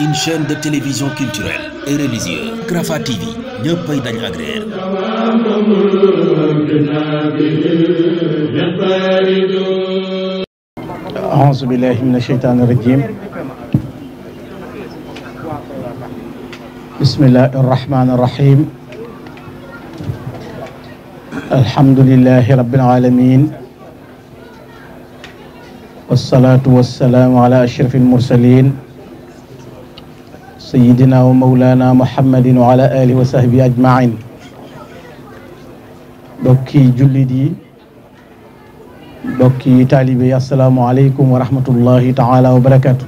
une chaîne de télévision culturelle et religieuse Rafah TV ñëppay dañ agréer aouzu billahi min asheytaani rajim bismillahi arrahmani arrahim alhamdulilahi rabbil alamin wassalatu wassalaamu ala ashrafil mursalin sayidina wa maulana muhammadin wa ala alihi wa sahbi ajmain bokki jullit yi bokki taalibe yi asalaamu aleykum wa rahmatullahi taala wa barakatu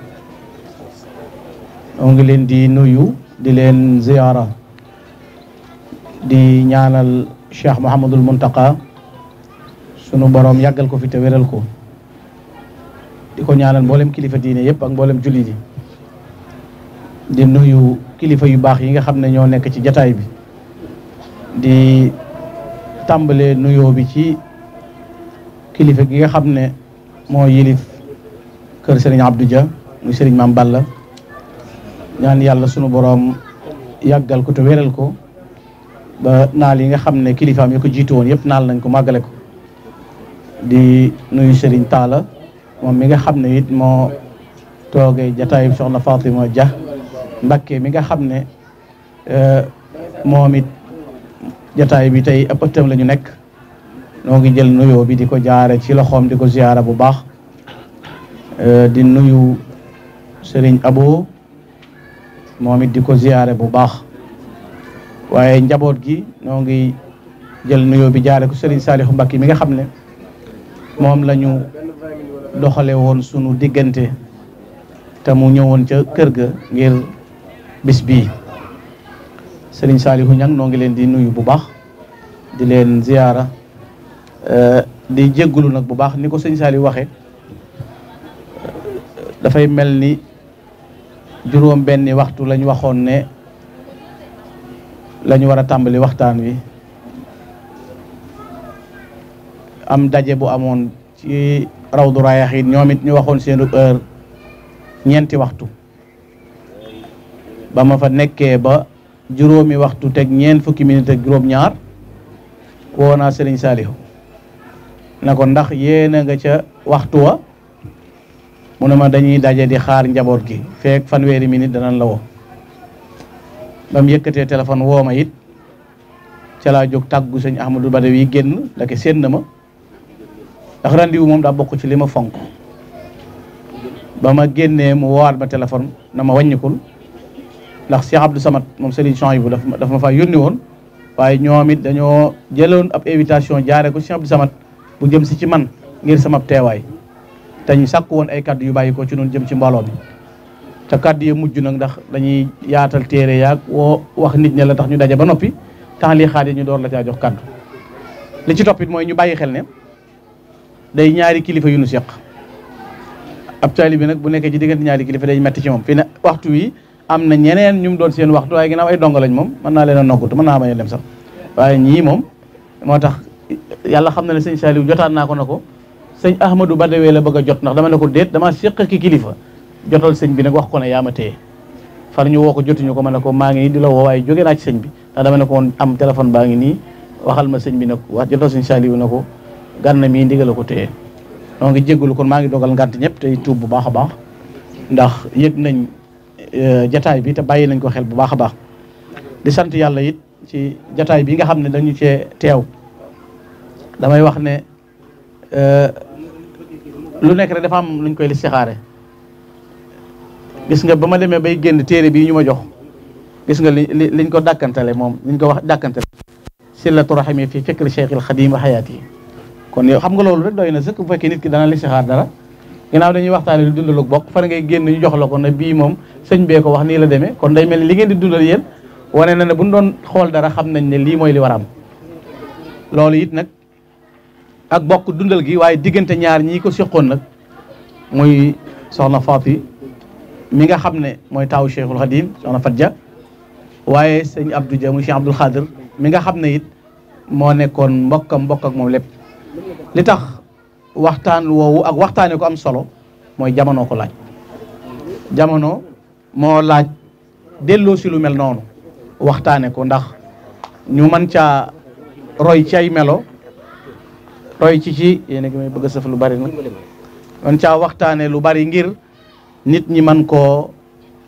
noo ngi leen di nuyu di leen ziyaara di ñaanal cheikh muhammadul muntaqa sunu borom yàggal ko fi te wéral ko di ko ñaanal mboolem kilifa diine yëpp ak mboolem jullit yi di nuyu kilifa yu baax yi nga xam ne ñoo nekk ci jataay bi di tàmbalee nuyoo bi ci kilifa gi nga xam ne moo yilif kër sëriñ Abdou Dia muy sëriñ Maam Balla ñaan yàlla sunu boroom yàggal ko te wéral ko ba naal yi nga xam ne kilifaam yi ko jiitu woon yëpp naal nañ ko màggale ko di nuyu sëriñ Talla moom mi nga xam ne it moo toogee jataay soxna Fatima Dia Mbàkke mi nga xam ne euh, moom it jataay bi tey ab ëttam la ñu nekk noo ngi jël nuyoo bi di ko jaare ci loxoom di ko ziyaara bu baax euh, di nuyu Sëriñ Abo moomit it di ko ziyaare bu baax waaye njaboot gi noo ngi jël nuyoo bi jaare ko Sëriñ Saalixu Mbàkke mi nga xam ne moom lañu doxale woon sunu diggante te mu ñëwoon ca kër ga bis bii sëriñ Saliou Niang noo ngi leen di nuyu bu baax di leen ziyaara euh, di jéggulu nag bu baax ni ko sëñ Saliou waxe dafay mel ni juróom benni waxtu lañ waxoon ne lañu war a tàmbali waxtaan wi am daje bu amoon ci Rawdu Rayaahiin ñoom it ñu waxoon seen heure ñeenti waxtu ba ma fa nekkee ba juróomi waxtu teg ñeent fukki minute ak juróom-ñaar woo naa Serigne Saliou na ko ndax yéena nga ca waxtu wa mu ne ma dañuy daje di xaar njaboot gi feek fanweeri minute danañ la woo ba mu yëkkatee téléphone woo ma it ca laa jóg tàggu sëñ Ahmadou Badawi génn ndake séen na ma ndax rendez-vous moom daa bokk ci li ma fonk ba ma génnee mu woowaat ma téléphone na ma wàññikul ndax Cheikh Abdou samat moom Serigne Chouaïbou daf ma fa yónni woon waaye ñoom it dañoo jëloon ab invitation jaare ko Cheikh Abdou Samad bu jëm si ci man ngir sama teewaay te sakk woon ay kaddu yu bàyyi ko ci noonu jëm ci mbooloo bi te kaddu yu mujj nag ndax dañuy yaatal téere yaag woo wax nit ñi la tax ñu daje ba noppi tax li xaar ñu door la caa jox kaddu li ci toppit mooy ñu bàyyi xel ne day ñaari kilifa yu nu seq ab taalibe bi nag bu nekkee ci diggante ñaari kilifa day metti ci moom waxtu wi am na ñeneen ñu mu doon seen waxtu waaye ginnaaw ay dongo lañ moom mën naa leen a noggutu a waaye ñii moom moo tax yàlla xam na ne sëñ Saliou jotaan naa ko na ko sëñ Ahmadou Badawee la bëgg a jot ndax dama ne ko déet dama séq ki kilifa jotal sëñ bi nag wax ko ne yaa ma téye far ñu woo ko jotuñu ko ma ne ko maa ngi nii di la woo waaye joge naa ci sëñ bi ndax dama ne ko woon am téléphone baa ngi nii waxal ma sëñ bi nag wax jotal sëñ Saliou na ko gànna mii ndigal ko téye donc jéggalu kon maa ngi dogal ngànt ñëpp tey tuub bu baax a baax ndax Euh, jataay bi te bàyyi nañ ko xel bu baax a baax di sant yàlla yit ci jataay bi nga xam ne dañu cee teew damay wax ne euh, lu nekk rek dafa am luñ koy listixaare gis nga ba ma demee bay génn téere bii ñu ma jox gis nga li liñ ko dakkantale moom liñ ko wax dàkkantale sillatu rahimi fi fikri Cheikh al Xadim wa xayaati yi kon yow xam nga loolu rek doy na sëkk bu fekkee nit ki dana listixaar dara ginnaaw dañuy waxtaane lu dundal ak bokk far ngay génn ñu jox la ko ne bii moom sëñ bee ko wax nii la demee kon day mel ni li ngeen di dundal yéen wane na ne bu ñu doon xool dara xam nañ ne lii mooy li war a loolu it nag ak bokk dundal gi waaye diggante ñaar ñii ko seqoon nag muy soxna Faati mi nga xam ne mooy taawu Cheikhul Khadim soxna ja waaye sëñ Abdou Dia muy Cheikh Abdoul Khadir mi nga xam ne it moo nekkoon mbokkam mbokk ak moom lépp li tax waxtaan woowu ak waxtaane ko am solo mooy jamono ko laaj jamono moo laaj delloo si lu mel noonu waxtaane ko ndax ñu mën caa roy cay melo roy ci ci yéen a ngi bëgg a sëf lu bari na mën caa waxtaane lu bari ngir nit ñi mën koo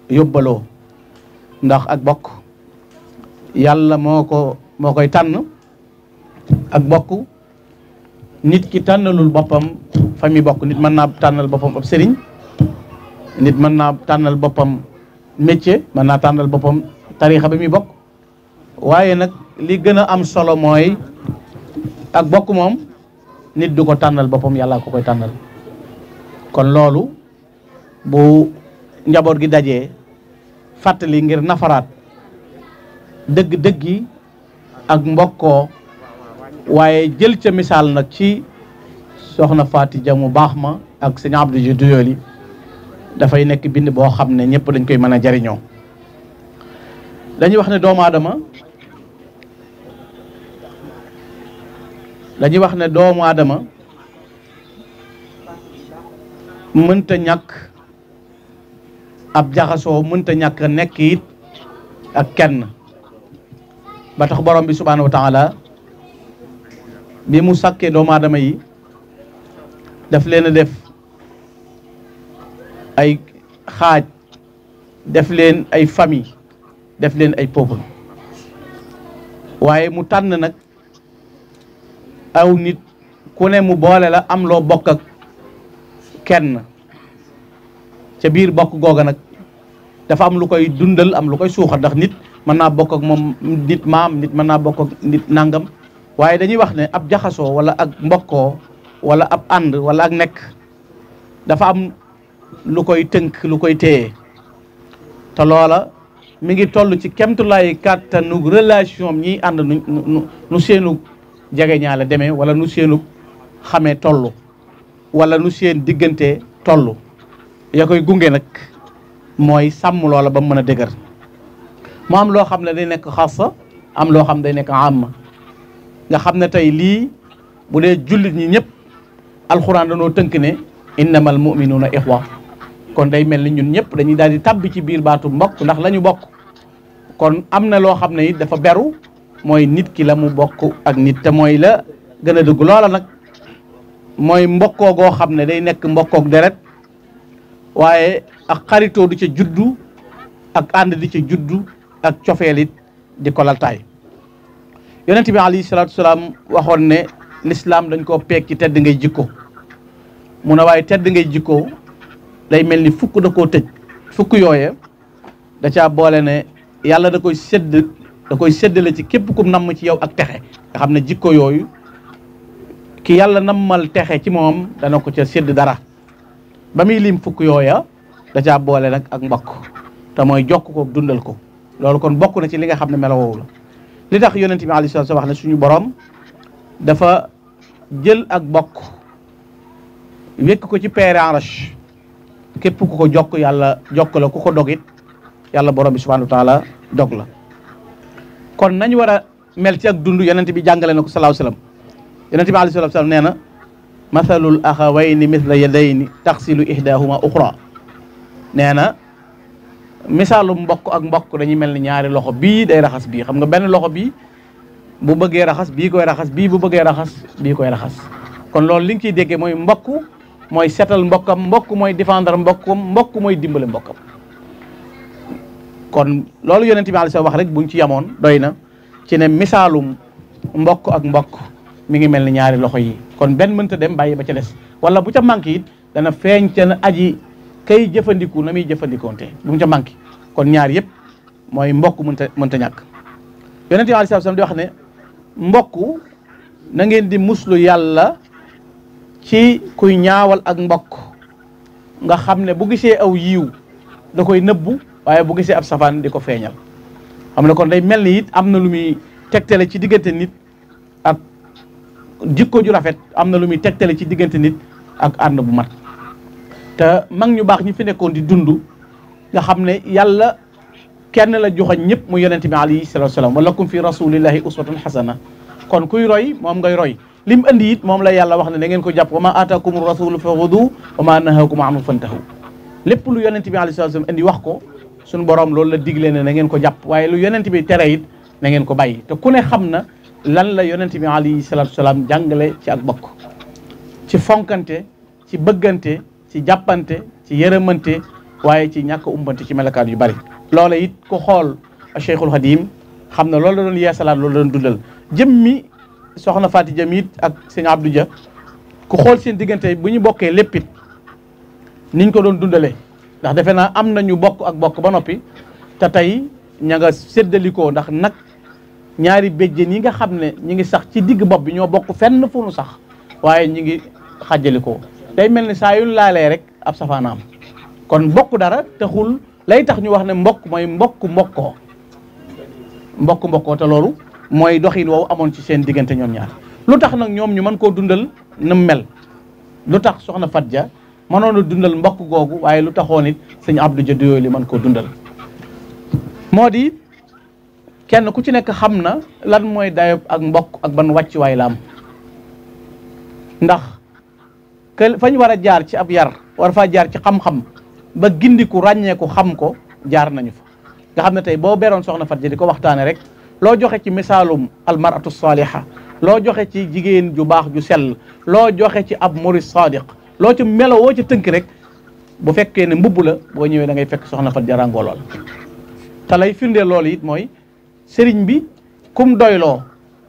yóbbaloo ndax ak bokk yàlla moo ko moo koy tànn ak bokk nit ki tànnalul boppam fa mi bokk nit mën naa tànnal boppam ab sëriñ nit mën naa tànnal boppam métier mën naa tànnal boppam tariixa ba muy bokk waaye nag li gën a am solo mooy ak bokk moom nit du ko tànnal boppam yàlla ko koy tànnal kon loolu bu njaboot gi dajee fàttali ngir nafaraat dëgg-dëgg ak mbokkoo waaye jël ca misaal nag ci soxna Faati Ja mu baax ma ak sëñ Abdou ji Doyoly dafay nekk bind boo xam ne ñëpp dañ koy mën a jariñoo dañuy wax ne doomu adama dañuy wax ne doomu aadama mënta ñàkk ab jaxasoo mënta ñàkk nekk it ak kenn ba tax borom bi subhaanahu wa bi mu sàkkee doomu aadama yi def leen a def ay xaaj def leen ay famille def leen ay peuple waaye mu tànn nag aw nit ku ne mu boole la am loo bokk ak kenn ca biir bokk googa nag dafa am lu koy dundal am lu koy suuxat ndax nit mën naa bokk ak moom nit maam nit mën naa bokk ak nit nangam waaye dañuy wax ne ab jaxasoo wala ak mbokkoo wala ab ànd wala ak nekk dafa am lu koy tënk lu koy téye te loola mu ngi toll ci kemtulaayi kàttanu relation ñiy ànd nu nu seenu jege ñaale demee wala nu seenu xamee tollu wala nu seen diggante tollu ya koy gunge nag mooy sàmm loola ba mu mën a dëgër moo am loo xam ne day nekk xassa am loo xam day nekk àmm nga xam ne tey lii bu dee jullit ñi ñëpp alxuraan danoo tënk ne innamal muminuuna ixwa kon day mel ni ñun ñëpp dañuy daal di tàbbi ci biir baatu mbokk ndax lañu ñu bokk kon am na loo xam ne it dafa beru mooy nit ki la mu bokk ak nit te mooy la gën a dugg loola nag mooy mbokkoo goo xam ne day nekk mbokkook deret waaye ak xaritoo di ca juddu ak ànd di ci juddu ak cofeel di ko yonent bi alayhi salaam waxoon ne lislaam dañ koo peeg ci tedd ngay jikko mu ne waaye tedd ngay jikko day mel ni fukk da koo tëj fukk yooye da caa boole ne yàlla da koy sedd da koy séddale ci képp kum namm ci yow ak texe nga xam ne jikko yooyu ki yàlla nammal texe ci moom dana ko ca sedd dara ba muy lim fukk yooya da caa boole nag ak mbokk te mooy jokk kook dundal ko loolu kon bokk na ci li nga xam ne melowoowu la li tax yonent bi alayhi salaatu wax ne suñu borom dafa jël ak bokk wékk ko ci peere arsh képp ku ko jokk yàlla jokk la ku ko dogit yàlla borom bi subhanahu wa taala dog la kon nañ war a mel ci ak dund yonent bi jàngale na ko salaahu salaam yonent bi alayhi salaam nee na mathalul axawayni mithla yadayni taxsilu ihdahuma uxra nee misaalum mbokk ak mbokk dañuy mel ni ñaari loxo bii day raxas bii xam nga benn loxo bii bu bëggee raxas bii koy raxas bii bu bëggee raxas bii koy raxas kon loolu li nga ciy déggee mooy mbokk mooy setal mbokkam mbokk mooy défendre mbokkam mbokk mooy dimbale mbokkam kon loolu yonent bi aleyhi wax rek buñ ci amoon doy na ci ne misaalum mbokk ak mbokk mu ngi mel ni ñaari loxo yi kon benn mënta dem ba ca des bu ca manqué dana feeñ ca aji kay jëfandiku na muy jëfandikoonte bu mu ca manqué kon ñaar yëpp mooy mbokk mënta mënta ñàkk yonent bi aleyhi salaam di ne mbokk na ngeen di muslu yàlla ci kuy ñaawal ak mbokk nga xam ne bu gisee aw yiw da koy nëbbu waaye bu gisee ab safaan di ko feeñal xam ne kon day mel ni it am na lu muy tegtale ci diggante nit ak jikko ju rafet am na lu muy tegtale ci diggante nit ak ànd bu mat te mag ñu baax ñi fi nekkoon di dund nga xam ne yalla kenn la joxoñ ñëpp mu yonente bi alayhi salatu wasalam wa lakum fi rasulillahi uswatun hasana kon kuy roy moom ngay roy lim andi it moom la yàlla wax ne da ngeen ko jàpp wa ma aataakum rasulu fa xudu wa ma nahakum anhu fantahu lépp lu yonente bi alayhi salatu andi wax ko suñu borom loolu la digle ne na ngeen ko jàpp waaye lu yonente bi tere it na ko bàyyi te ku ne xam na lan la yonente bi alayhi salatu wasalam jàngale ci ak bokk ci jàppante ci yërëmante waaye ci ñàkk umbante ci melokaan yu bari loola it ku xool Cheikhul Khadim xam na loolu la doon yeesalaat loolu doon dundal jëmmi soxna Faati Jam it ak sëñ Abdou ku xool seen diggante bu ñu bokkee léppit niñ ko doon dundalee ndax defe naa am na ñu bokk ak bokk ba noppi te tey ña nga ndax nag ñaari béjjén yi nga xam ne ñi ngi sax ci digg bopp bi ñoo bokk fenn fu nu sax waaye ñi ngi xàjjalikoo day mel ni saa yu laalee rek ab safaanaam kon mbokk dara taxul lay tax ñu wax ne mbokk mooy mbokk mbokkoo mbokk mbokkoo te loolu mooy doxin woowu amoon ci seen diggante ñoom ñaar lu tax nag ñoom ñu mën koo dundal na mel lu tax soxna Fat Ja mënoon a dundal mbokk googu waaye lu taxoon it sëñ Abdou ja Doyoly li mën koo dundal moo di kenn ku ci nekk xam na lan mooy dayob ak mbokk ak ban wàccuwaay la am ndax que fañ war a jaar ci ab yar war fa jaar ci xam-xam ba gindiku ràññeeku xam ko jaar nañu fa nga xam ne tey boo beroon soxna fat Faty di ko waxtaane rek loo joxe ci misaalum almaratu saaliha loo joxe ci jigéen ju baax ju sel loo joxe ci ab murid sadiq loo ci melo ci tënk rek bu fekkee ne mbubb la boo ñëwee na ngay fekk soxna fat jarangoo lool te lay firndee lool it mooy sëriñ bi kum doyloo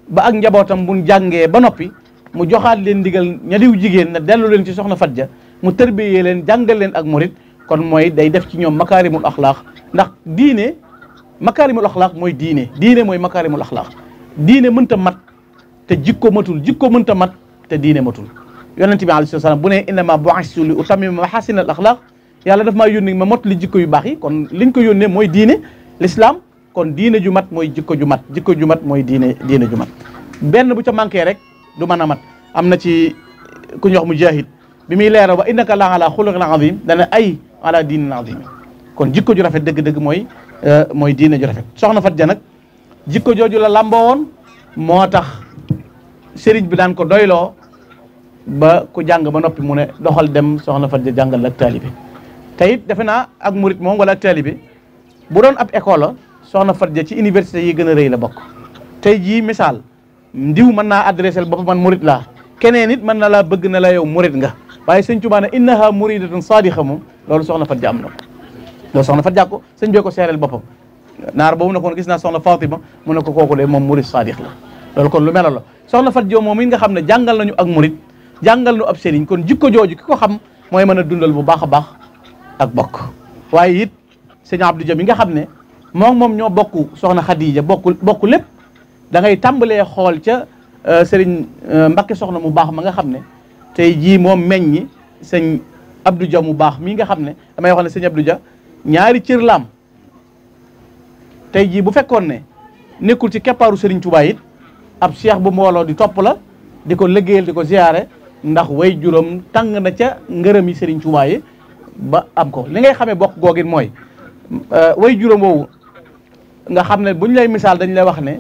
ba ak njabootam buñ jàngee ba noppi mu joxaat leen digal ñadiw jigéen na dellu leen ci soxna fat ja mu tërbiyee leen jàngal leen ak murit kon mooy day def ci ñoom makaarimul axlaaq ndax diine makaarimul axlaaq mooy diine diine mooy makaarimul axlaaq diine mënta mat te jikko matul jikko mënta mat te diine matul yonent bi alayhi salaam bu ne innama bu'istu li utammima mahaasina al axlaaq yàlla daf maa yónni ma mot li jikko yu baax yi kon liñ ko yónnee mooy diine l'islam kon diine ju mat mooy jikko ju mat jikko ju mat mooy diine diine ju mat benn bu ca manqué rek du mën a mat am na ci ku ñuy mu mujahid bi muy leeral wa innaka la ala xuluqin azim dana ay ala na azim kon jikko ju rafet dëgg-dëgg mooy euh, mooy diine ju soxna faj Ja nag jikko jooju la lamboo woon moo tax sëriñ bi daan ko doyloo ba ku jàng ba noppi mu ne doxal dem soxna Fat Ja jàngal ak taalibe te it defe naa ak murit moom wala ak taalibe bu doon ab école la soxna Fat Ja ci université yi gën a rëy la bokk tey jii misaal ndiw mën naa adressé boppam man murit laa keneen it mën na laa bëgg na la yow murit nga waaye sëñ Tuubaa ne innaha muridatun sadiqa moom loolu soxna fat ja am na ko loolu soxna fat ja ko sëñ bee ko seereel boppam naar boobu na koon gis naa soxna Fatima mu ne ko kooku moom murit sadiq la loolu kon lu mel la soxna fat joo moom it nga xam ne jàngal nañu ak murit jàngal nu ab sëriñ kon jikko jooju ki ko xam mooy mën a dundal bu baax a baax ak bokk waaye it sëñ Abdou Dia bi nga xam ne moom moom ñoo bokk soxna Khadija bokk bokk lépp da ngay tàmbalee xool ca euh, sëriñ euh, Mbacke soxna mu baax ma nga xam ne tey jii moom meññi sëñ Abdou Dia mu baax mii nga xam ne damay wax ne sëñ Abdou ñaari cër laam tey jii bu fekkoon ne nekkul ci keppaaru sëriñ Touba ab cheikh bu mbooloo di topp la di ko liggéeyal di ko ziyaare ndax way juróom tàng na ca ngërëm yi sëriñ Touba ba am ko li ngay xame bokk googin mooy euh, way juróom woowu nga xam ne buñ lay misaal dañ lay wax ne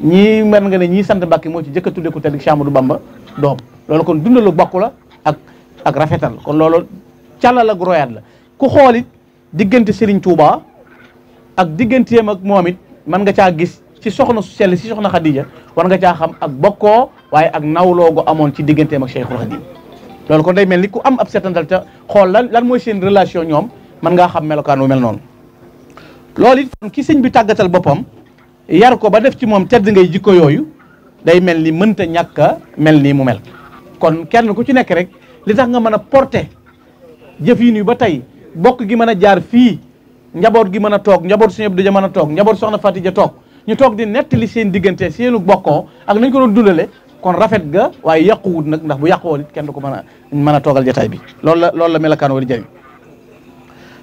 ñii mën nga ne ñii sant Mbàkke moo ci jëkk a tudde ku tedd Cheikh Amadou Bamba doom loolu kon dundalu bokku la ak ak rafetal kon loolu càllal ak royaat la ku xool diggante Serigne Touba ak digganteem ak moom it mën nga caa gis ci soxna su sell si soxna Khadija war nga caa xam ak bokkoo waaye ak nawloo gu amoon ci digganteem ak Cheikhul Khadim loolu kon day mel ni ku am ab setantal te xool lan lan mooy seen relation ñoom mën ngaa xam melokaan wu mel noonu loolu sëñ bi tàggatal boppam. yar ko ba def ci moom tedd ngay jikko yooyu day mel ni mënta ñàkk a mel nii mu mel kon kenn ku ci nekk rek li tax nga mën a porter jëf yi nii ba tey bokk gi mën a jaar fii njaboot gi mën a toog njaboot suñu Abdou ja mën a toog njaboot soxna Faty ja toog ñu toog di nettali seen diggante seenu bokkoo ak nañ ko doon dundale kon rafet ga waaye yàquwut nag ndax bu yàqoon kenn du ko mën a mën a toogal jataay bi loolu la loolu la melakaan wala jëriñ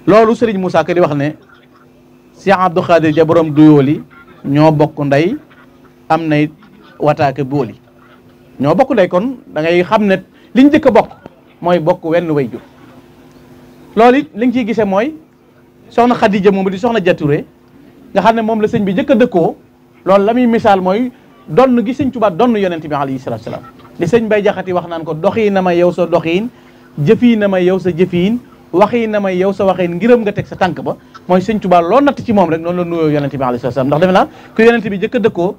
loolu Serigne Moussa Ka wax ne Cheikh Abdou Khadir ja borom duyooli ñoo bokk ndey am na nay wataake booli ñoo bokk ndey kon dangay xam ne liñ njëkk a bokk mooy bokk wenn way jur loolu it li nga ciy gisee mooy soxna Xadija moom di soxna Jature nga xam ne moom la sëñ bi njëkk a dëkkoo loolu la muy misaal mooy donn gi sëñ Tuubaa donn yonent bi alayhi salaatu salaam la sëñ Bay Jaxati wax naan ko doxiin na ma yow sa doxiin jëfiin na ma yow sa jëfiin waxi na may yow sa waxin ngiram nga teg sa tànk ba mooy sëñ Tuubaa loo natt ci moom rek noonu la nuyoo yonente bi alayhi salaam ndax defe naa ku yonente bi jëkk a dëkkoo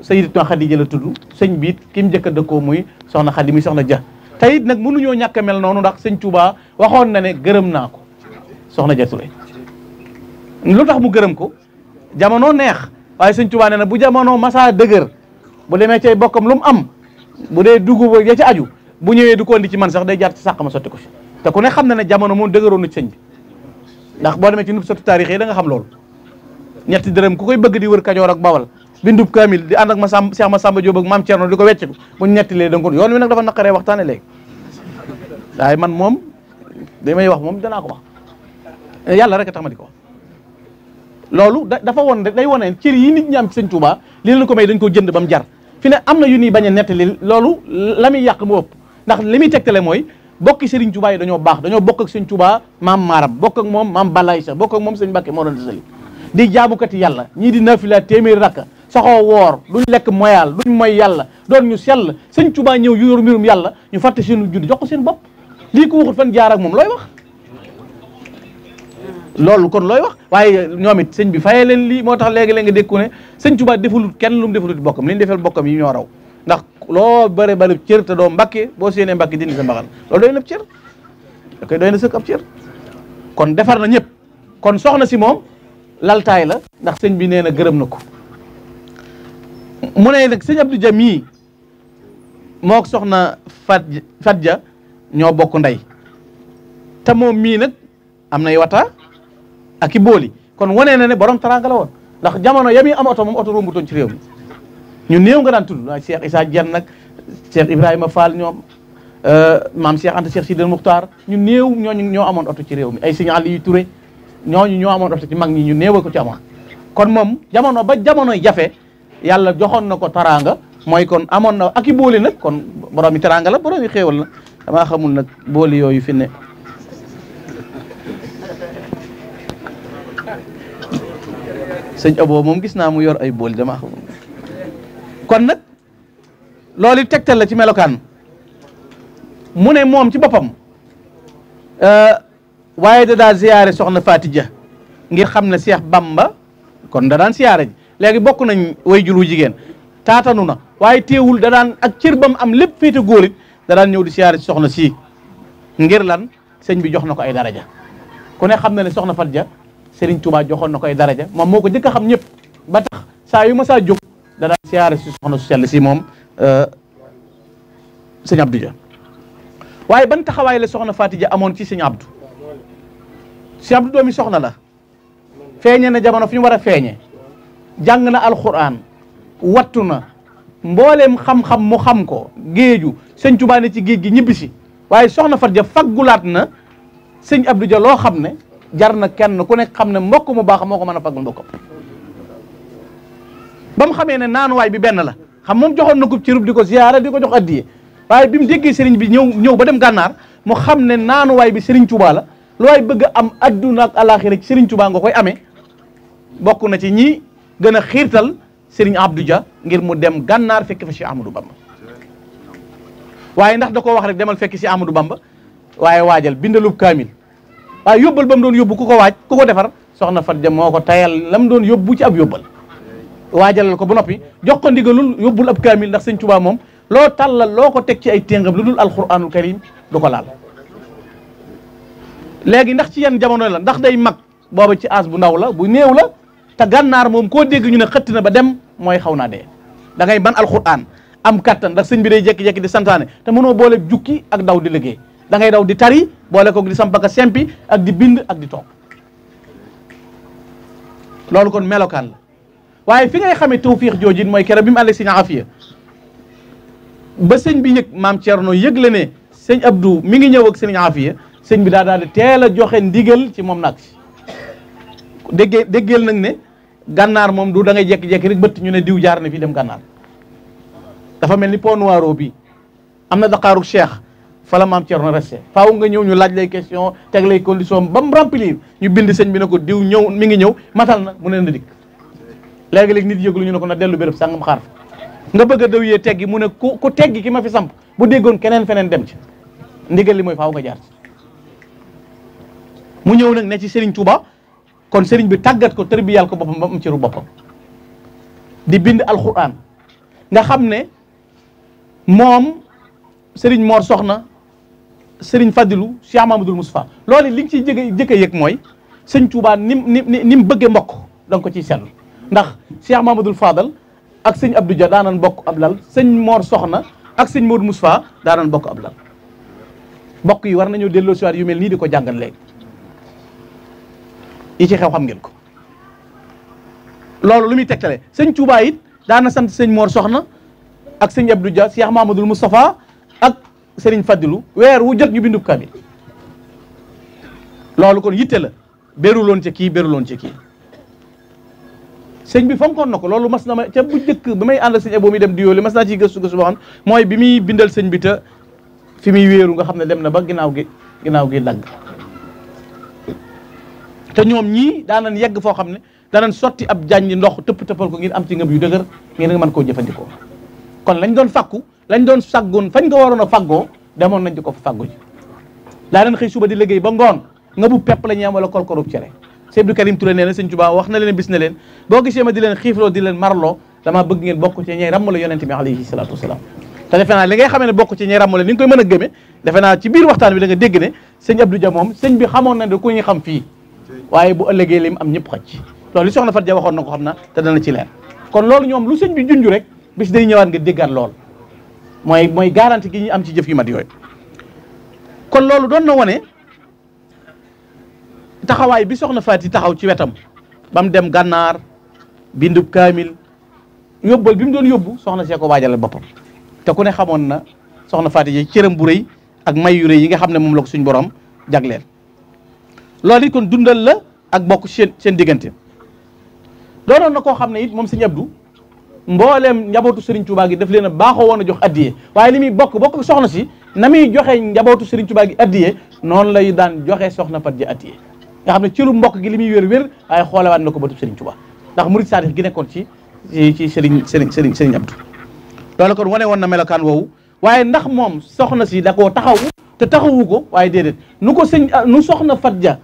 Sayyidatuna Xadija la tudd sëñ bi it ki mu jëkk a dëkkoo muy soxna Xadi muy soxna ja te it nag mënuñoo ñàkk a mel noonu ndax sëñ Tuubaa waxoon na ne gërëm naa ko soxna ja Ture lu tax mu gërëm ko jamono neex waaye sëñ Tuubaa nee na bu jamono masaa dëgër bu demee cay bokkam lu mu am bu dee dugub ya ci aju bu ñëwee du ko indi ci man sax day jaar ci sàq ma sotti ko fi te ku xam na ne jamono moom dëgëroon na sëñ ndax boo demee ci nub satu taarix yi da nga xam loolu ñetti dërëm ku koy bëgg di wër kajoor ak bawal bindub kaamil di ànd ak ma sam Cheikh Massamba Diop ak maam Thierno di ko wecciku buñ ñetti le danga ko yoon wi nag dafa naqaree waxtaane léegi waaye man moom da may wax moom danaa ko wax yàlla rek a di ko wax loolu dafa won day woneen cër yi nit ñi am ci sëñ Touba li ko may dañ ko jënd ba mu jar fi ne am na yu ñuy bañ a li loolu la muy yàq mu ndax li muy tegtale mooy bokki Serigne Touba yi dañoo baax dañoo bokkak ak Serigne maam Maram bokk ak moom maam balaay Sa bokk moom Serigne Mbacké moo doon sëli di jaabukati yàlla ñii di nafila téeméeri rakka saxoo woor duñ lekk moyal duñ moy yàlla doon ñu sell sëñ Touba ñëw yu yor mbirum yàlla ñu fàtte seenu judd jox ko seen bopp lii ko waxut fan jaar moom looy wax loolu kon looy wax waaye ñoom it sëñ bi fayee leen lii moo tax léegi-léegi nga dékku ne Serigne Touba defalut kenn lu mu defalut bokkam li bokkam yi ñoo ndax loo bëri bëri cër te doo mbàkki boo séenee mbàkki dindi sa mbaxal loolu doy na cër na sëkk ab kon defar na ñëpp kon soxna si moom laltaay la ndax sëñ bi nee na gërëm na ko mu ne nag sëñ Abdou Jam yii mook soxna fat fatja ñoo bokk ndey te moom mii nag am nay wata ak i booli kon wanee na ne borom teraanga la woon ndax jamono yami am oto moom oto rombutoon ci réew mi ñu néew nga daan tudd ah Cheikh Issa Dieng nag Cheikh Ibrahima Fall ñoom euh, maam Cheikh Anta Cheikh Sidil Muxtaar ñu néew ñooñu ñoo amoon oto ci réew mi ay signal yu Touré ñooñu ñoo amoon oto ci mag ñi ñu néew ko ci amoon. kon moom jamono ba jamonoy jafe yàlla joxoon na ko taraanga mooy kon amoon na ak i booli nag kon borom yi taraanga la borom yi xéewal na damaa xamul nag booli yooyu fi ne. sëñ Abo moom gis naa mu yor ay booli dama xamul. kon nag loolu tegtal la ci melokaan mu ne moom ci boppam euh, waaye da daa ziyaare soxna Faati Ja ngir xam ne Seex Bamba kon da daan siyaare léegi bokk nañ way juru jigéen taatanu na waaye teewul da daan ak cër bam am lépp féete góor it da daan ñëw siyaare si soxna sii ngir lan sëñ bi jox na ko ay daraja ku xam na ne soxna Faty Dia Serigne Touba joxoon na ko ay daraja moom moo ko njëkk a xam ñëpp ba tax saa yu saa jóg da daan siyaare si soxna su sell si moom euh, sëñ Abdou Dia waaye ban taxawaay la soxna Faati Dia amoon ci sëñ Abdou sëñ Abdou doomi soxna la feeñe na jamono fi ñu war a feeñe jàng na alxuraan wattu na mbooleem xam-xam mu xam ko géeju sëñ Tuubaa ci géej gi ñibbisi waaye soxna Faati ja faggulaat na sëñ Abdou Dia loo xam ne jar na kenn ku nekk xam ne mbokk mu baax moo ko mën a faggul mbokkam ba mu xamee ne naanuwaay bi benn la xam moom joxoon na ko ci rub di ko ziyaara di ko jox addiye waaye bi mu déggee bi ñëw ñëw ba dem gànnaar moo xam ne naanuwaay bi sëriñ Tuubaa la looy bëgg a am adduna ak alaaxira ci sëriñ Tuubaa nga koy amee bokk na ci ñi gën a xiirtal sëriñ Abdou Dia ngir mu dem gànnaar fekk fa si Amadou Bamba waaye ndax da koo wax rek demal fekk si Amadou Bamba waaye waajal bindalub kaamil waaye yóbbal ba mu doon yóbbu ku ko waaj ku ko defar soxna Fatou Dia moo ko tayal la mu doon yóbbu ci ab yóbbal waajalal ko ba noppi jox ko ndigalul yóbbul ab kaamil ndax sëñ Tuubaa moom loo tàllal loo ko teg ci ay téngam lu dul alquranul karim du ko laal léegi ndax ci yan jamono la ndax day mag booba ci as bu ndaw la bu néew la te gànnaar moom koo dégg ñu ne xëtt na ba dem mooy xaw naa de da ngay ban alquran am kattan ndax sëñ bi day jékki-jékki di santaane te mënoo boole jukki ak daw di liggéey da ngay daw di tari boole ko di sampaka sempi ak di bind ak di toog loolu kon melokaan waaye fi ngay xamee tawfiix joojin mooy kere bi mu ànd ak sëñ ba sëñ bi yëg maam Thierno yëg la ne sëñ Abdou mi ngi ñëw ak sëñ Afiya sëñ bi daa daal di teel a joxe ndigal ci moom nag déggee déggeel nag ne gannaar moom du da ngay jékki-jékki rek bëtt ñu ne diw jaar na fi dem gannaar dafa mel ni pont noiro bi am na daqaaru cheikh fa la maam Thierno resté faaw nga ñëw ñu laaj lay question teg lay condition ba mu remplir ñu bind sëñ bi ne ko diw ñëw mi ngi ñëw matal na mu ne na dikk léegi-léeg nit yëglu ñu ne ko na dellu béréb sàngam xaar fa nga bëgg a daw yee teggi mu ne ku ku teggi ki ma fi samp bu déggoon keneen feneen dem ci ndigal li mooy faaw nga jaar ci mu ñëw nag ne ci sëriñ Touba kon sëriñ bi tàggat ko tërbiyal ko boppam ba mu ciru boppam di bind alxuraan nga xam ne moom sëriñ Mor Soxna sëriñ Serigne Fadilou Cheikh Mamadou Moustapha loolu li nga ciy jëkk a yëg mooy Serigne Touba ni ni ni mu bëggee mbokk da ko ciy seetlu. ndax Cheikh Mamadou Fadal ak sëñ Abdou Dia daanan bokk ab lal sëñ Mor Soxna ak sëñ Modou Moustapha daanan bokk ab lal bokk yi war nañoo delloo yu mel nii di ko jàngal léegi yi ci xew xam ngeen ko loolu lu muy tegtale sëñ Touba it daana sant sëñ moor Soxna ak sëñ Abdou Dia Cheikh Mamadou Moustapha ak sëriñ Fadilou weer wu jot ñu bindub kamil loolu kon yitte la beruloon loon kii beruloon ci kii sëñ bi fonkoon na ko loolu mas na ma ca bu njëkk bi may ànd sëñ abo mi dem di yooli mas naa ciy gëstu gëstu xam mooy bi muy bindal sëñ bi te fi muy wéeru nga xam ne dem na ba ginnaaw gi ginnaaw gi dagg te ñoom ñii daanan yegg foo xam ne danañ sotti ab jànj ndox tëpp tëppal ko ngir am ci nga yu dëgër ngeen nga man koo jëfandikoo kon lañ doon fàkku lañ doon saggoon fañ ko waroon a faggoo demoon nañ di ko fa fàggu ji daa leen xëy suba di liggéey ba ngoon nga bu pepp la ñuy am wala korkorub cere Cheikh Abdou Karim Touré wax na leen bis na leen boo gisee ma di leen xiifloo di leen marloo damaa bëgg ngeen bokk ci ñay ràmmale yonente bi alayhi salaatu wasalaam te defe ne bokk ci a gëme defe moom sëñ bi xamoon na ne ku ñu xam fii waaye bu ëllëgee lim am ñëpp xëcc loolu li soxna Fatou Dia waxoon na ko xam na te dana ci leer kon loolu ñoom lu sëñ bi junj rek bis day ñëwaat nga déggaat lool mooy mooy garanti gi ñu am ci jëf yi mat yooyu kon loolu doon na wane taxawaay bi soxna Faati taxaw ci wetam ba mu dem gànnaar bindub kaamil yóbbal bi mu doon yóbbu soxna see ko waajalal boppam te ku ne xamoon na soxna Faati yi cëram bu rëy ak may yu yi nga xam ne moom la ko suñ borom jagleel loolu it kon dundal la ak bokk seen seen diggante doonoon na koo xam ne it moom sëñ Abdu mbooleem njabootu Serigne Touba gi daf leen a baaxoo woon a jox addiye waaye ni muy bokk bokk soxna si na muy joxe njabootu Serigne Touba gi addiye noonu lay daan joxe soxna Faty ji addiye nga xam ne ci lu mbokk gi li muy wér-wér waaye xoolewaat na ko ba tub Serigne Touba ndax murid saadix gi nekkoon ci ci Serigne Serigne Serigne Serigne Abdou loolu wane woon na melokaan woowu waaye ndax moom soxna si da koo taxaw te taxawu ko waaye déedéet nu ko sëñ ah, nu soxna Fatja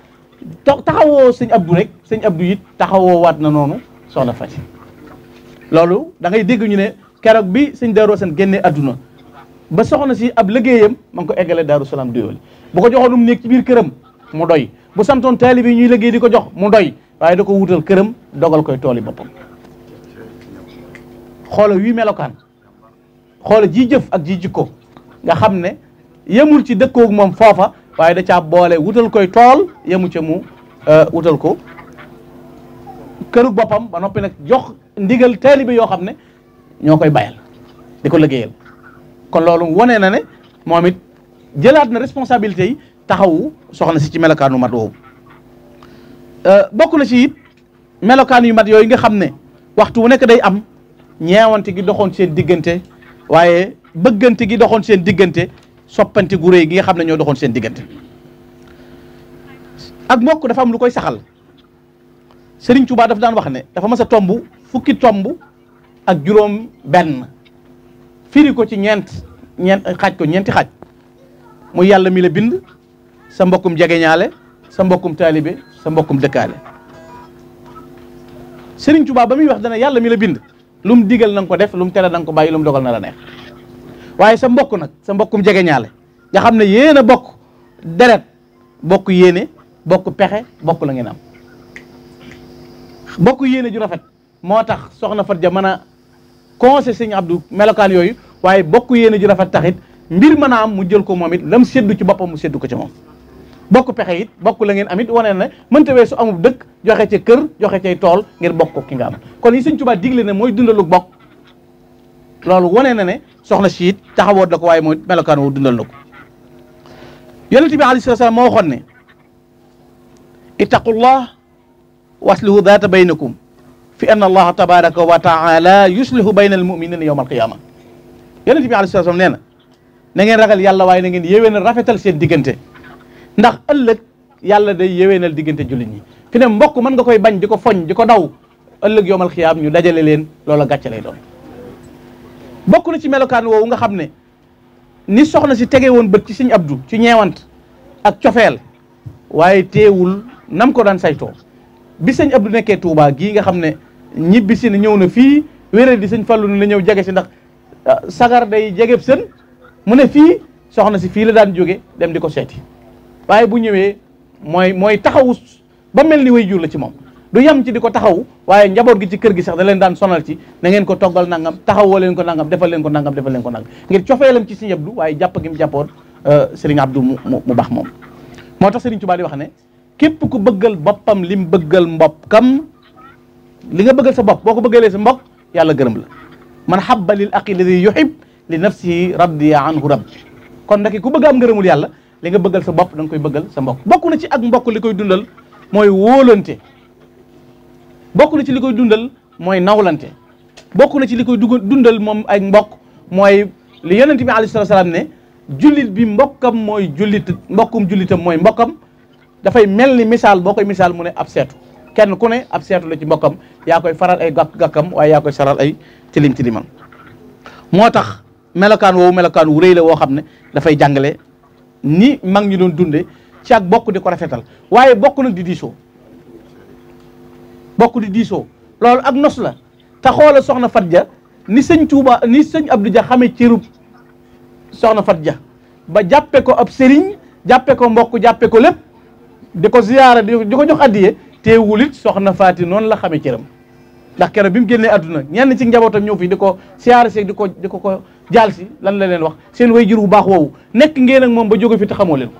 taxawoo sëñ Abdou rek sëñ Abdou it taxawoo waat na noonu soxna Fatja loolu da ngay dégg ñu ne keroog bi sëñ Darou seen génnee adduna ba soxna si ab liggéeyam ma ngi ko eggalee Darou Salaam doyooli bu ko joxoonum nekk ci biir këram mu doy bu santoon taalibe yi ñuy liggéey di ko jox mu doy waaye da ko wutal këram dogal koy tooli boppam xoola wii melokaan xoola ji jëf ak ji jikko nga xam ne yemul ci dëkkoog moom foofa waaye da caa boole wutal koy tool yemu ca mu euh, wutal ko këru boppam ba noppi nag jox ndigal taalibe yoo xam ne ñoo koy bayal di ko liggéeyal kon loolu wone na ne moom it jëlaat na responsabilité yi taxawu soxna si ci melokaanu mat woowu euh, bokk na ci it melokaan yu mat yooyu nga xam ne waxtu wu nekk day am ñeewante gi doxoon seen diggante waaye bëggante gi doxoon seen diggante soppante gu rey gi nga xam ne ñoo doxoon seen diggante ak mbokk dafa am lu koy saxal Serigne Touba daf daan wax ne dafa mas a tomb fukki tomb ak juróom benn fiiri ko ci ñeent ñeent xaaj ko ñeenti xaaj muy yàlla mi la bind sa mbokkum jegeñaale sa mbokkum taalibe sa mbokkum dëkkaale Sëriñ Tuubaa ba muy wax dana yàlla mi la bind lu mu digal na ko def lum mu tere ko bàyyi lu mu dogal na la neex waaye sa mbokk nag sa mbokkum jegeñaale nga xam ne yéen a bokk deret bokk yéene bokk pexe bokk la ngeen am bokk yéene ju rafet moo tax soxna Fat Ja mën a conseil Sëriñ Abdou melokaan yooyu waaye bokk yéene ju rafet taxit mbir mën a am mu jël ko moom it lam seddu ci boppam mu seddu ko ci moom bokk pexe it bokk la ngeen amit wane na mënta weesu amub dëkk joxe ce kër joxe cay tool ngir bokk ki nga am kon yi sëñ Tuubaa digle ne mooy dundalu bokk loolu wane na ne soxna siit it taxawoot ko waaye mooy melokaan wu dundal na ko yonent bi alayhi salaam moo waxoon ne ittaqullah waslihu daata baynakum fi anna allaha tabaraka wa taala yuslihu bayna almuminina yowma alqiyama yonent bi alayhi salaam nee na na ngeen ragal yàlla waaye na ngeen yéwéen rafetal seen diggante ndax ëllëg yàlla day yeweenal diggante jullit ñi fi mbokk mën nga koy bañ di ko foñ di ko daw ëllëg yomal xiyaam ñu dajale leen loola gàcce lay doon bokk na ci melokaan woowu nga xam ne ni soxna si tege woon bët ci Sëñ Abdu ci ñeewant ak cofeel waaye teewul nam ko daan saytoo bi Sëñ Abdu nekkee Tuubaa gii nga xam ne ñibbi si ne ñëw na fii wéral di Sëñ Fallu ne na ñëw jege si ndax ah, sagar day jegeb sën mu ne fii soxna si fii la daan jóge dem di ko seeti waaye bu ñëwee mooy mooy taxawu ba mel ni way jur la ci moom du yem ci di ko taxaw waaye njaboot gi ci kër gi sax da leen daan sonal ci na ngeen ko toggal nangam taxawoo leen ko nangam defal leen ko nangam defal leen ko nangam ngir cofeelam ci Sëriñ Abdu waaye jàpp gi mu jàppoon euh, Sëriñ Abdu mu mu baax moom moo tax Sëriñ Tuubaa di wax ne képp ku bëggal boppam lim bëggal kam li nga bëggal sa bopp boo ko bëggalee sa mbokk yàlla gërëm la man habba lil aqi di yuhib li nafsihi radiya anhu rabbi kon nag ku bëgg am ngërëmul yàlla li nga bëggal sa bopp da koy bëggal sa mbokk bokk na ci ak mbokk li koy dundal mooy wóolante bokk ci li koy dundal mooy nawlante bokk na ci li koy dundal moom ay mbokk mooy li yonent bi alayhi salaam ne jullit bi mbokkam mooy jullit mbokkum jullitam mooy mbokkam dafay mel ni misaal boo koy misaal mu ne ab seetu kenn ku ne ab seetu la ci mbokkam yaa koy faral ay gàkk gàkkam waaye yaa koy saral ay tilim tilimam moo tax melokaan woowu melokaan wu rëy la woo xam ne dafay jàngale ni mag ñi doon dunde ci ak bokk di ko rafetal waaye bokk nag di diisoo bokk di diisoo loolu ak nos la te xoola soxna Fat Ja ni sëñ Tuuba ni sëñ Abdou Ja xamee cërub soxna Fat Ja ba jàppe ko ab sëriñ jàppe ko mbokk jàppe ko lépp di ko ziyaara di ko jox addiye teewul it soxna Faati noonu la xamee cëram ndax keroog bi mu génnee àdduna ñenn ci a ñëw fii di ko siyaare si di ko di ko ko jaal si lan la leen wax seen way jir bu baax woowu nekk ngeen ak moom ba jóge fi te xamoo leen ko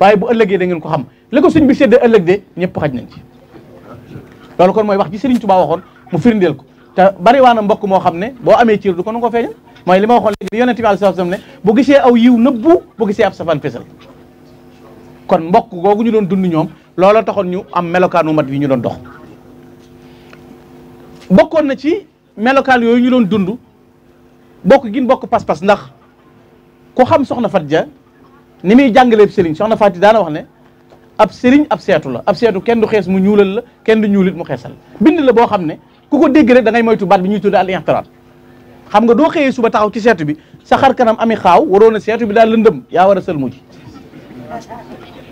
waaye bu ëllëgee da ngeen ko xam li ko sëñ bi séddee ëllëg de ñëpp xaj nañ ci loolu kon mooy wax ji Sëriñ Tuubaa waxoon mu firndeel ko te bari waa na mbokk moo xam ne boo amee ciir du ko nu ko feeñal mooy li ma waxoon léegi yonent bi alayhi salaam ne bu gisee aw yiw nëbbu bu gisee ab safaan fesal kon mbokk googu ñu doon dund ñoom loola taxoon ñu am melokaanu mat yi ñu doon dox bokkoon na ci melokaan yooyu ñu doon dund bokk gin bokk pas-pas ndax ku xam soxna fat ja ni muy jàngaleeb sëriñ soxna Faty daana wax ne ab sëriñ ab seetu la ab seetu kenn du xees mu ñuulal la kenn du ñuulit mu xeesal bind la boo xam ne ku ko dégg rek da ngay moytu baat bi ñuy tuddee al inxtiraat xam nga doo xëyee suba taxaw ci seetu bi sa xar kanam ami xaaw waroon na seetu bi daal lëndëm yaa war a sël mujj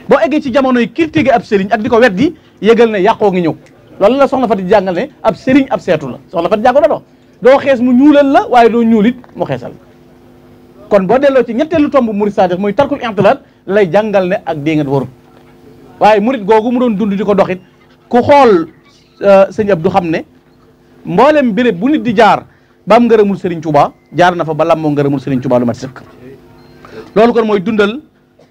boo eggee ci jamonoy critiquer ab sëriñ ak di ko wet weddi yëgal ne yàqoo ngi ñëw loolu la soxna Fati jàngal ne ab sëriñ ab seetu la soxna Fati jàngal na doo xees mu ñuulal la waaye doo ñuulit mu xeesal kon boo delloo ci ñetteelu tomb murid saadix mooy tarkul intilaat lay jàngal ne ak déngat warul waaye murid googu mu doon dund di ko doxit ku xool euh, sëñ Abdou xam ne mboolem béréb bu nit di jaar ba am ngërëmul Serigne Touba jaar na fa ba làmmoo ngërëmul Serigne Touba lu mat sëkk loolu kon mooy dundal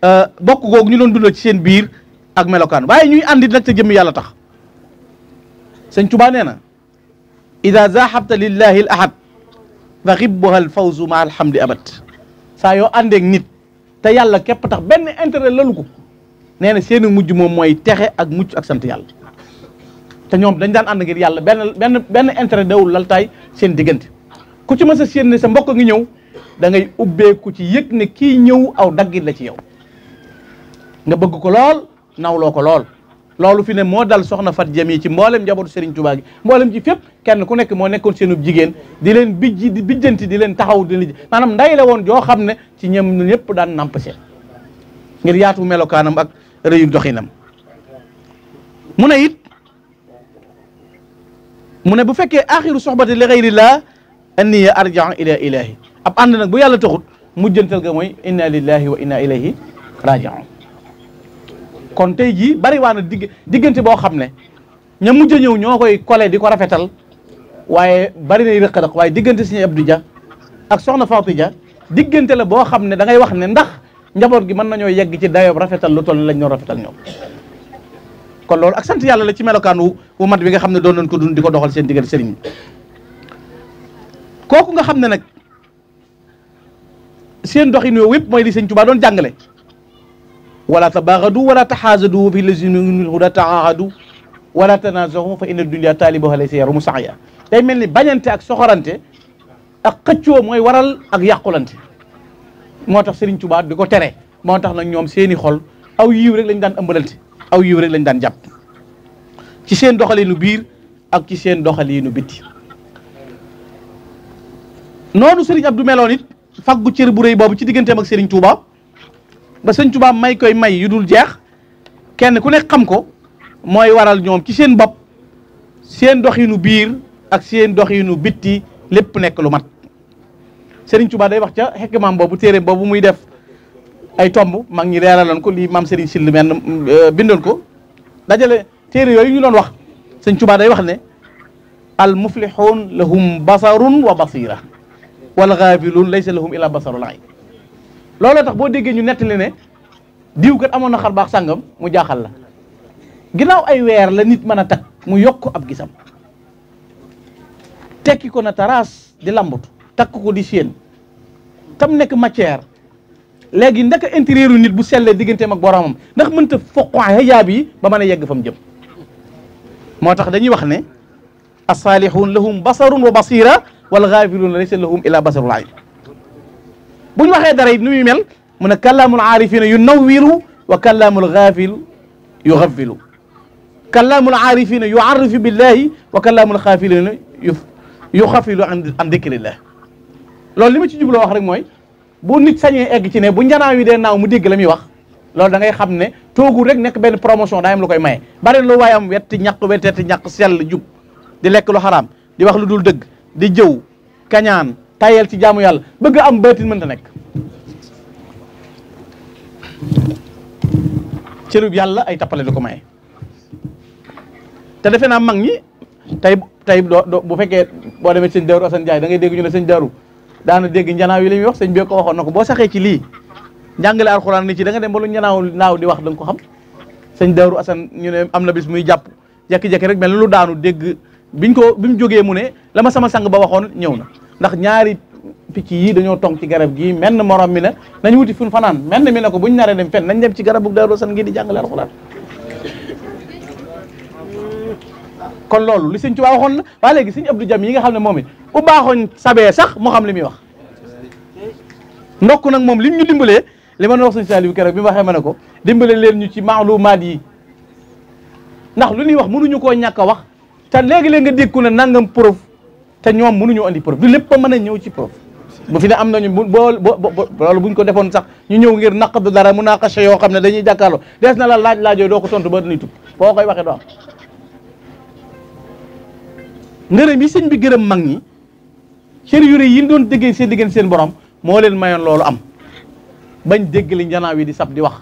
euh, bokk googu ñu doon dundal ci seen biir ak melokaan waaye ñuy àndit nag ca jëmm yàlla tax sëñ Tuubaa nee na ida zahabta lillahi l ahad fa xibbuha al fawzu ma alhamdi abad saa yoo àndeek nit te yàlla képp tax benn intérêt lalu ko nee na seeni mujj moom mooy texe ak mucc ak sant yàlla te ñoom dañ daan ànd ngir yàlla benn benn benn intérêt dawul lal seen diggante ku ci mës a séen ne sa mbokk ngi ñëw dangay ngay ubbeeku ci yëg ne kii ñëw aw daggit la ci yow nga bëgg ko lool nawloo ko lool loolu fi ne moo dal soxna fat jam ci mboolem njabootu Serigne Touba gi mboolem ci fépp kenn ku nekk moo nekkoon seenub jigéen di leen bijji di bijjanti di leen taxaw di leen maanaam nday la woon joo xam ne ci ñem ñoom ñëpp daan nampase ngir yaatu melokaanam ak rëyu doxinam mu ne it mu ne bu fekkee axiru soxbati li xayrillah anniya arjaa ila ilahi ab ànd nag bu yàlla taxut mujjantal ga mooy inna lillahi wa inna ilayhi rajiun kon tey jii bari waa na digg diggante boo xam ne ña mujj a ñëw ñoo koy collé di ko rafetal waaye bari nay rëq-rëq waaye diggante Serigne Abdou ja ak soxna Fatou ja diggante la boo xam ne da ngay wax ne ndax njaboot gi mën nañoo yegg ci dayob rafetal lu toll ni lañ ñoo rafetal ñoom kon loolu ak sant yàlla la ci melokaan wu mat bi nga xam ne doon nañ ko dund di ko doxal seen diggante sëriñ bi kooku nga xam ne nag seen doxin yooyu yëpp mooy li sëñ Tuubaa doon jàngale wala ta wala taxaasadu fi lazina yu'minuna taahadu wala tanazahu fa inna dunya taalibuha laysa yarumu yaa day mel ni bañante ak soxorante ak xëccoo mooy waral ak yàqulante moo tax Serigne Touba di ko tere moo tax nag ñoom seeni xol aw yiw rek lañ daan ëmbalante aw yiw rek lañ daan jàpp ci seen doxalinu biir ak ci seen doxalinu bitti noonu Serigne Abdou meloon it faggu cër bu rëy boobu ci digganteem ak Serigne Touba. ba sëñ Tuubaa may koy may yu dul jeex kenn ku nekk xam ko mooy waral ñoom ci seen bopp seen doxinu biir ak seen doxinu bitti lépp nekk lu mat Serigne Touba day wax ca xekmaam boobu téere boobu muy def ay tomb ngi ñi loon ko lii mam Serigne Sill men euh, bindoon ko dajale téere yooyu ñu doon wax Serigne Touba day wax ne al muflihun lahum basarun wa basira wal ghaafilun laysa lahum illa basarul ayn looloo tax boo déggee ñu nettali ne diw kat amoon na xar baax sàngam mu jaaxal la ginnaaw ay weer la nit mën a takk mu yokk ab gisam tekki ko na taraas di lambut takk ko di séen tam nekk matière léegi ndaka intérieur nit bu sellee digganteem ak boromam ndax mënta foqo hijaab yi ba mën a yegg fa mu jëm moo tax dañuy wax ne as-saalixuun lahum basarun wa basira wal gaafiluuna laysa lahum illa basarul ayn bu ñu waxee dara it nu muy mel mu ne kàllaamul aarifina yu nawwiru wa kàllaamul xaafilu yu xafilu kàllaamul aarifina yu arrifu billahi wa kàllaamul xaafilina yu yu xafilu an dikrillah loolu li ma ci jubloo wax rek mooy bu nit sañee egg bu njanaaw yi dee naaw mu dégg la muy wax loolu dangay xam ne toogu rek nekk benn promotion daa lu koy maye bare lu waaye am wetti ñàkk weteeti ñàkk sell jub di lekk lu xaraam di wax lu dul dëgg di jëw kañaan tayel ci jaamu yàlla bëgg am baatin mënta nekk cërub yàlla ay tappale du ko maye te defe naa mag ñi tey tey doo bu fekkee boo demee sëñ Daaru Asan Jaay da ngay dégg ñu ne sëñ Daaru daana dégg njanaaw yi li wax sëñ bi ko waxoon na ko boo saxee ci lii njàngale alxuraan ni ci danga nga dem ba lu njanaaw naaw di wax da ko xam sëñ Daaru Asan ñu ne am na bis muy jàpp jekki-jekki rek mel lu daanu dégg biñ ko bi mu jógee mu ne la ma sama sang ba waxoon ñëw na ndax ñaari picc yii dañoo tong ci garab gii menn morom mi ne nañ wuti fun fanaan menn mi ne ko buñ naree dem fen nañ dem ci garabu Daaru San ngi di jàngale alxuraan kon loolu li sëñ Tuubaa waxoon na waa siñ sëñ Abdou Jam yi nga xam ne moom it u baaxoon sabee sax mu xam li muy wax ndokk nag moom lim ñu dimbalee li ma na wax sëñ Saliou keroog bi mu waxee ma ne ko dimbale leen ñu ci maalumaat yi ndax lu ñuy wax mënuñu koo ñàkk a wax te léegi-léeg nga dégg ku ne nangam prof te ñoom mënuñoo andi preuve du lépp a mën a ñëw ci preuve bu fi ne am nañu bu boo loolu buñ ko defoon sax ñu ñëw ngir naqadu dara mu naqashe yoo xam ne dañuy jàkkaarloo des na la laaj laaj doo ko tontu ba dañuy tub boo koy waxee doo am sëñ bi gërëm mag ñi cër yu rëy yi doon déggee seen diggante seen borom moo leen mayoon loolu am bañ dégg li njanaaw yi di sab di wax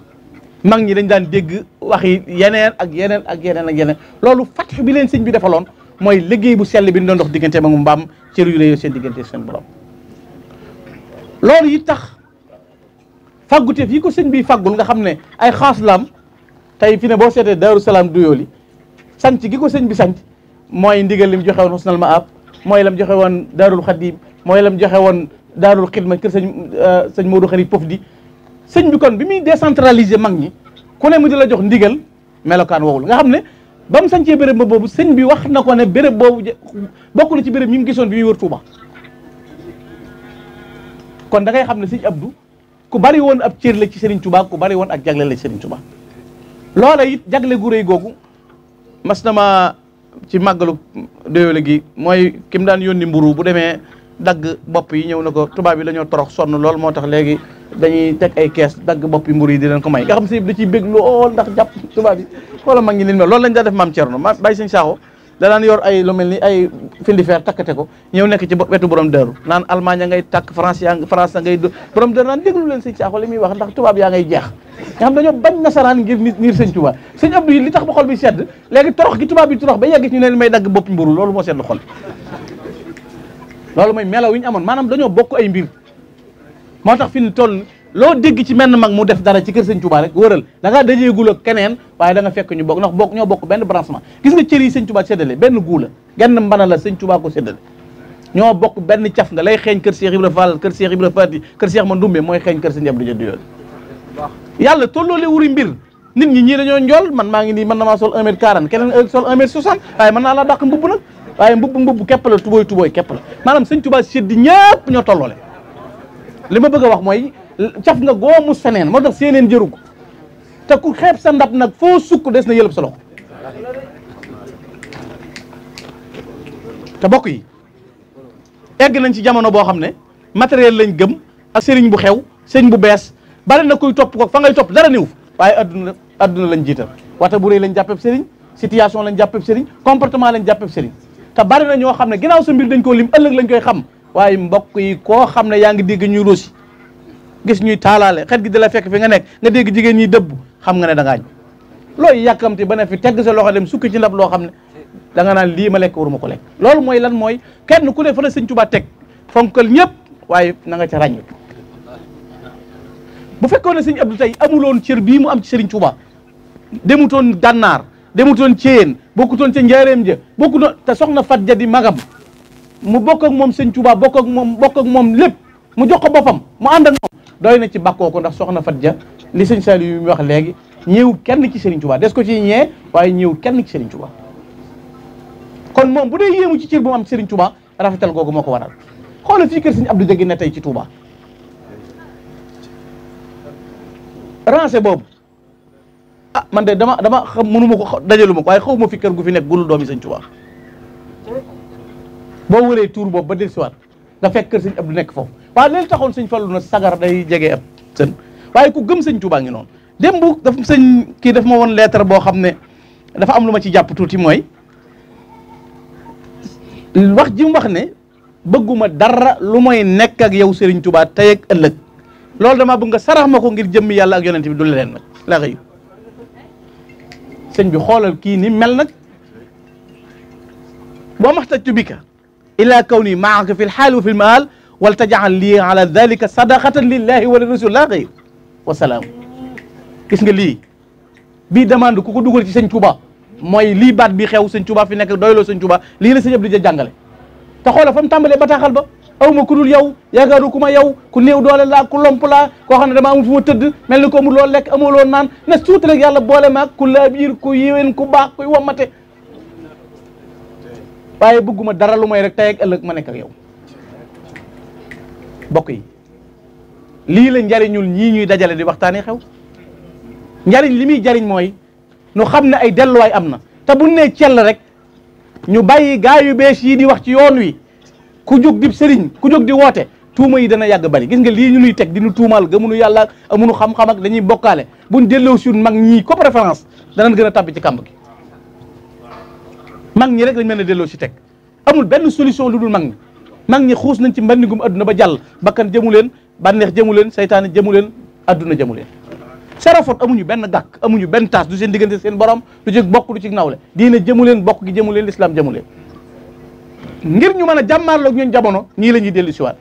mag ñi dañ daan dégg wax yi yeneen ak yeneen ak yeneen ak yeneen loolu fatx bi leen sëñ bi defaloon mooy liggéey bu sell bi ñu doon dox diggante ak mbaam cër yu réy seen diggante seen borom loolu yi tax fàgguteef yi ko sëñ bi fàggul nga xam ne ay xaas laam tey fi ne boo seetee Daaru Salaam Duyooli sanc gi ko sëñ bi sanc mooy ndigal lim joxe woon ma Maab mooy lam joxe woon Daarul Xadim mooy lam joxe woon Daarul Xidma kër sëñ euh, sëñ Modou Xari Pof di sëñ bi kon bi muy décentraliser mag ñi ku ne mu di la jox ndigal melokaan wowul nga xam ne ba mu sancee béréb ba boobu sëñ bi wax na ko ne béréb boobu bokk na ci béréb mi mu gisoon bi muy wër Touba kon da ngay xam ne sëñ abdu ku bari woon ab cër la ci Serigne Touba ku bari woon ak jagle la ci Serigne Touba loola it jagle gu rëy googu mas na ma ci màggalu déwéle gi mooy kim daan yónni mburu bu demee dagg bopp yi ñëw na ko tubaab yi la ñoo torox sonn lool moo tax léegi dañuy teg ay kees dagg boppi mbur yi di leen ko may nga xam sëñ bi da bég lool ndax jàpp tubaab bi xoolal mag ñi leen mel loolu lañ daa def maam Thierno ma bàyyi sëñ Saaxo da daan ay lu ni ay filifeer takkate ko ñëw nekk ci wetu borom dëru naan Allemagne ngay takk France yaa France ngay borom wax ndax tubaab yaa ngay jeex nga xam dañoo bañ nasaraan ngir nit ngir sëñ Tuubaa sëñ Abdou li tax ba xol bi sedd léegi torox gi tubaab bi torox ba yegg ci ñu leen may dagg boppi mburu loolu moo sedd xol loolu mooy yi ñu amoon maanaam dañoo bokk ay mbir moo tax fi ñu toll loo dégg ci menn mag mu def dara ci kër sëñ Touba rek wëral da ngaa dajeegul ak keneen waaye da fekk ñu bokk ndax bokk ñoo bokk benn branchement gis nga cër yi sëñ Touba séddale benn guula genn mbana la sëñ Touba ko séddale ñoo bokk benn caf nga lay xeeñ kër Cheikh Ibra Fall kër Cheikh Ibra Fati kër Cheikh Mandoumbe mooy xeeñ kër sëñ Abdou Jëdd yàlla tolloole wuri mbir nit ñi ñii dañoo njool man maa ngi nii mën na maa sol 1 mètre keneen sol 1 mètre 60 waaye mën naa laa dàq mbubb nag waaye mbubb mbubb képp la tubooy tubooy képp la maanaam sëñ Touba ñëpp ñoo tolloole li ma bëgg a wax mooy caf nga goomu seneen moo tax seeneen jëru ko te ku xeeb sa ndab nag foo sukk des na yëlëb sa loxo te bokk yi egg nañ ci jamono boo xam ne matériel lañ gëm ak sëriñ bu xew sëriñ bu bees bari na kuy topp ko fa ngay topp dara néew waaye adduna adduna lañ jiital wata bu rëy lañ jàppeb sëriñ situation lañ jàppeb sëriñ comportement lañ jàppeb sëriñ te bari na ñoo xam ne ginnaaw sa mbir dañ koo lim ëllëg lañ koy xam waaye mbokk yi koo xam ne yaa ngi dégg ñuy rosi gis ñuy taalaale xet gi di la fekk fi nga nekk nga dégg jigéen ñuy dëbb xam nga ne da looy yàkkamti ba ne fi tegg sa loxo dem sukki ci loo xam ne da nga naan lii ma lekk waruma ko lekk loolu mooy lan mooy kenn ku ne fa a sëñ Tuubaa teg fonkal ñëpp waaye na nga ca ràññu bu fekkoon ne sëñ Abdou tey amuloon cër bii mu am ci Serigne Touba demutoon gànnaar demutoon Ceyeen bokkutoon ca njaareem ja bokkutoon te soxna Fat ja di magam mu bokk moom sëñ Touba bokk ak moom bokk ak moom lépp mu jox ko boppam mu ànd ak moom doy na ci bàkkoo ndax soxna Fat Ja li sëñ Saliou yu mu wax léegi ñëw kenn ci Serigne Touba des ko ci ñee waaye ñëw kenn ci Serigne Touba kon moom bu dee yéemu ci cër bu mu am rafetal googu moo ko waral xoolal fii kër sëñ Abdou Diagne ne tey ci Touba rancé boobu ah man de dama dama xam mënuma ko dajaluma ko waaye xaw ma fi kër gu fi nekk gulu doomi sëñ Touba boo wëree tuur boobu ba dellusiwaat nga fekk kër sëñ Abdou nekk foofu waaye léegi taxoon sëñ Fallu na sagara day jege ab sën waaye ku gëm sëñ Tuubaa ngi noonu démb daf sëñ kii daf ma woon lettre boo xam ne dafa am lu ma ci jàpp tuuti mooy wax ji wax ne bëgguma dara lu mooy nekk ak yow sëriñ tubaat tey ak ëllëg loolu damaa bëgg nga sarax ma ko ngir jëmmi yàlla ak yonent bi du leneen nag laa xëy sëñ bi xoolal kii ni mel nag boo maxtaj tu ila kawni maaka fi lxaali wa fi lmaal wal tajal lii ala dalika sadaqatan lillahi wa li rasulillah xëy wa salaam gis nga lii bii demande ku ko dugal ci sëñ Touba mooy lii baat bi xew sëñ Touba fi nekk doyloo sëñ Touba lii la sëñ Abdou Dia jàngale te xoola fa mu tàmbalee bataaxal ba aw ma ku dul yow yaakaaru ku ma yow ku néew doole laa ku lomp laa koo xam ne dama amul fu ma tëdd mel ni ko amul loo lekk amuloo naan ne suuta rek yàlla boole maag ku laabiir ku yéwén ku baax kuy wamate waaye bëgguma dara lu may rek tey ak ëllëg ma nekk ak yow bokk yi lii la njariñul ñii ñuy dajale di waxtaanee xew njariñ li muy jariñ mooy nu xam ne ay delluwaay am na te bu ne cell rek ñu bàyyi gaa yu bees yi di wax ci yoon wi ku jog di sëriñ ku jog di woote tuuma yi dana yàgg bari gis nga lii ñu nuy teg dina nu tuumaal gëmunu yàlla amunu xam-xam ak dañuy bokkaale buñ delloo suñu mag ñii comme référence danañ gën a tàbbi ci kàmb gi man ñi rek lañ mën a delloo si teg amul benn solution lu dul mag ñi mag ñi xuus nañ ci mbannigum adduna ba jàll bakkan jëmu leen bànneex jëmu leen saytaane jëmu leen adduna jëmu leen serafot amuñu benn gàkk amuñu benn taas du seen diggante seen borom du ci bokk du ci nawle diine jëmu leen bokk gi jëmuleen leen lislaam jëmu ngir ñu mën a jàmmaarloog ñoom jamono ñii la ñuy dellu siwaat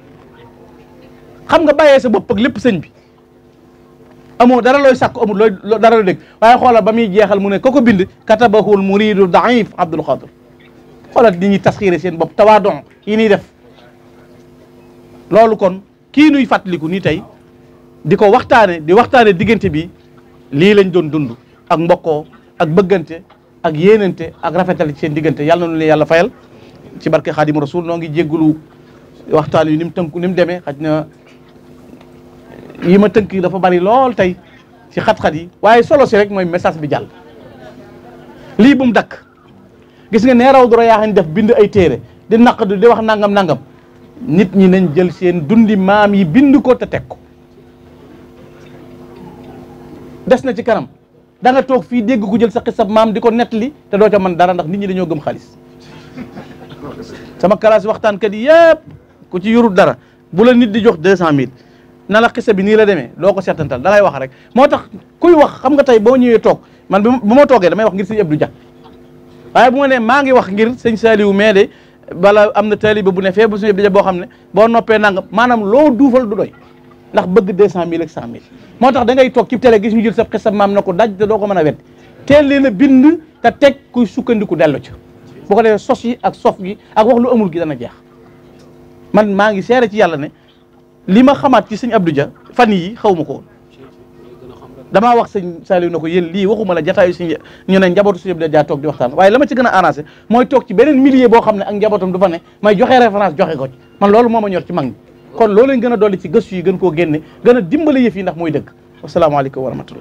xam nga bàyyee sa bopp lépp sëñ bi amoo dara looy sàkk amul looy dara looy dégg waaye xoolal ba muy jeexal mu ne ko ko bind katabahul muridu daif Abdul Xaadir xoolal nit ñi tasxiire seen bopp tawaadon yi ñuy def loolu kon kii nuy fàttaliku ni tey di ko waxtaane di waxtaane diggante bi lii lañ doon dund ak mbokkoo ak bëggante ak yéenante ak rafetal seen diggante yàlla na nu leen yàlla fayal ci barke xaadimu rasul noo ngi jéggulu waxtaan yu ni mu tënku ni mu demee xaj na yi ma tënk dafa bari lool tey ci xat-xat yi waaye solo si rek mooy message bi jàll lii bu mu dakk gis nga nee raw doro yaa def bind ay téere di naq di wax nangam nangam nit ñi nañ jël seen dundi maam yi bind ko te teg ko des na ci kanam danga toog fii dégg ku jël sa xisab maam di ko nettali te doo ca man dara ndax nit ñi dañoo gëm xaalis sama karaas waxtaankat yi yëpp ku ci yorul dara bu la nit di jox deux cent mille na kese bi nii la demee doo ko seetantal dalay lay wax rek moo tax kuy wax xam nga tey boo ñëwee toog man bu ma toogee damay wax ngir sëñ Abdou Dia waaye bu ma nee maa ngi wax ngir sëñ Saliou mais de bala am na taalibe bu ne fee bu sëñ Abdou Dia boo xam ne boo noppee nangam maanaam loo duufal du doy ndax bëgg deux cent mille ak cent moo tax dangay toog ci télé gis ñu jël sa xisa maam na ko daj te doo ko mën a wet teel leen a bind te teg kuy sukkandiku dellu ci boo ko defee sos yi ak sof gi ak wax lu amul gi dana jeex man maa ngi seere ci yàlla ne lii ma xamaat ci sëñ Abdou Dia fan yi xaw ma ko woon damaa wax sëñ Saliou na ko yéen lii waxuma la jataayu sëñ ñu ne njabootu sëñ Abdou Dia toog di waxtaan waaye la ma ci gën a arrangé mooy toog ci beneen milieu boo xam ne ak njabootam du fa ne may joxe référence joxe ko ci man loolu moo ma ñor ci mag ñi kon loolu lañ gën a dolli ci gëstu yi gën koo génne gën a dimbale yëf yi ndax mooy dëgg wasalaamaaleykum wa rahmatullah